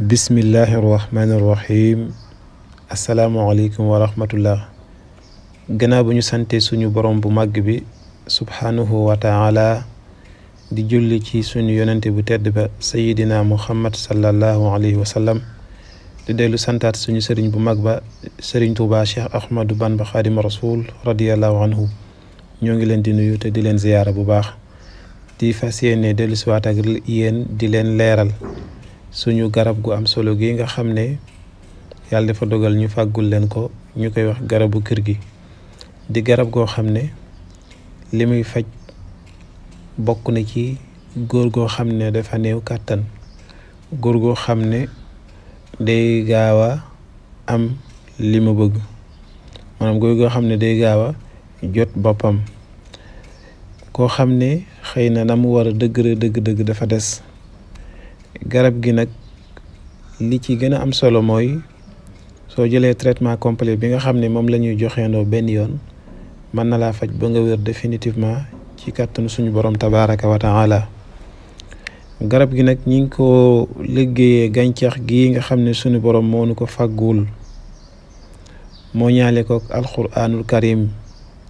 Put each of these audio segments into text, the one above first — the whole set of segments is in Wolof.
بسم الله الرحمن الرحيم السلام عليكم ورحمة الله جناب نسانتي سنو بروم بمقبي سبحانه وتعالى دي جولي كي سنو يننتي بتدب سيدنا محمد صلى الله عليه وسلم دي ديلو سانتات سنو سرين بمقبا سرين توبا شيخ أحمد بن بخادم رسول رضي الله عنه نيونغي لن دي نيوتا دي لن زيارة بباخ دي فاسيني ديلو سواتا غل يين دي لن ليرال suñu garab gu am solo gi nga xam ne yàlla dafa dogal ñu fàggul leen ko ñu koy wax garabu kër gi di garab goo xam ne li muy faj bokk na ci góor goo xam ne dafa néew kàttan góor goo xam ne day gaaw a am li mu bëgg maanaam góor goo xam ne day gaaw a jot boppam koo xam ne xëy na na mu war a dëgg dëgg dëgg dafa des garab gi nag li ci gën a am solo mooy soo jëlee traitement complet bi nga xam ne moom la ñuy joxeendoo benn yoon mën na laa faj ba nga wér définitivement ci kàttanu suñu borom tabaraka wa taala garab gi nag ñi ngi ko liggéeyee gàncax gi nga xam ne suñu borom moo nu ko fàggul moo ñaale ko alquraanul karim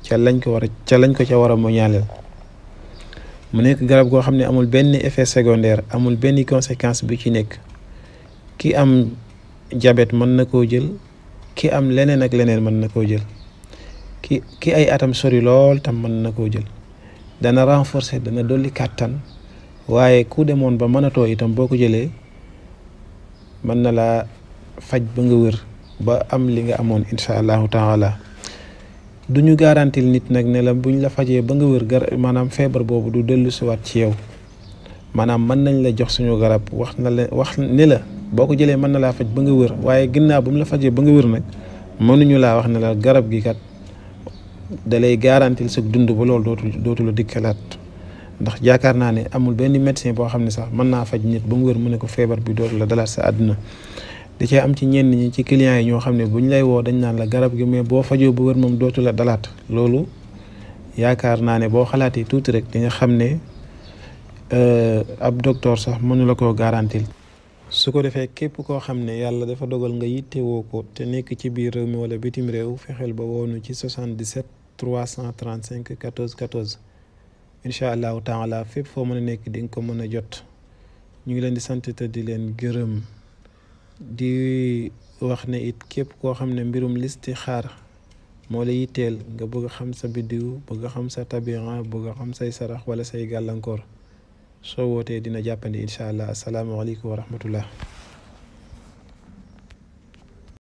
ca lañ ko war a ca lañ ko ca war a moo ñaaleel mu nekk garab goo xam amul benn effet secondaire amul benn conséquence bu ci nekk ki am jabet mën na koo jël ki am leneen ak leneen mën na koo jël ki ki ay atam sori lool tam mën na koo jël dana renforcer dana dolli kàttan waaye ku demoon ba too itam boo ko jëlee mën na laa faj ba nga wér ba am li nga amoon incha allahu taala du ñu garantil nit nag ne la buñ la fajee ba nga wër gar maanaam feebar boobu du dellu siwaat ci yow maanaam mën nañ la jox suñu garab wax na la wax ne la boo ko jëlee mën na laa faj ba nga wër waaye ginnaaw bu mu la fajee ba nga wër nag mënuñu laa wax ne la garab gi kat dalay garantil sa dund ba loolu dootul dootula la dikkalaat ndax yaakaar naa ne amul benn médecin boo xam ne sax mën naa faj nit ba mu wër mu ne ko feebar bi dootu la dalaat sa àdduna di cee am ci ñenn ñi ci clients yi ñoo xam ne buñ lay woo dañ naan la garab gi mais boo fajoo bu wér moom dootu la dalaat loolu yaakaar naa ne boo xalaatee tuuti rek di nga xam ne euh, ab docteur sax mënu la koo garantil su ko defee képp koo xam ne yàlla dafa dogal nga yittewoo ko te nekk ci biir réew mi wala bitim réew fexeel ba woonu ci 77 335 14 14 incha allahu taala fépp foo mën a nekk di nga ko mën a jot ñu ngi leen di sant te di leen gërëm. di wax ne it képp koo xam ne mbirum listixaar moo la yitteel nga bëgg xam sa biddiw bëgg xam sa tabian bëgg xam say sarax wala say gàllankoor soo wootee dina jàppandi incha allah asalaamaaleykum wa rahmatullah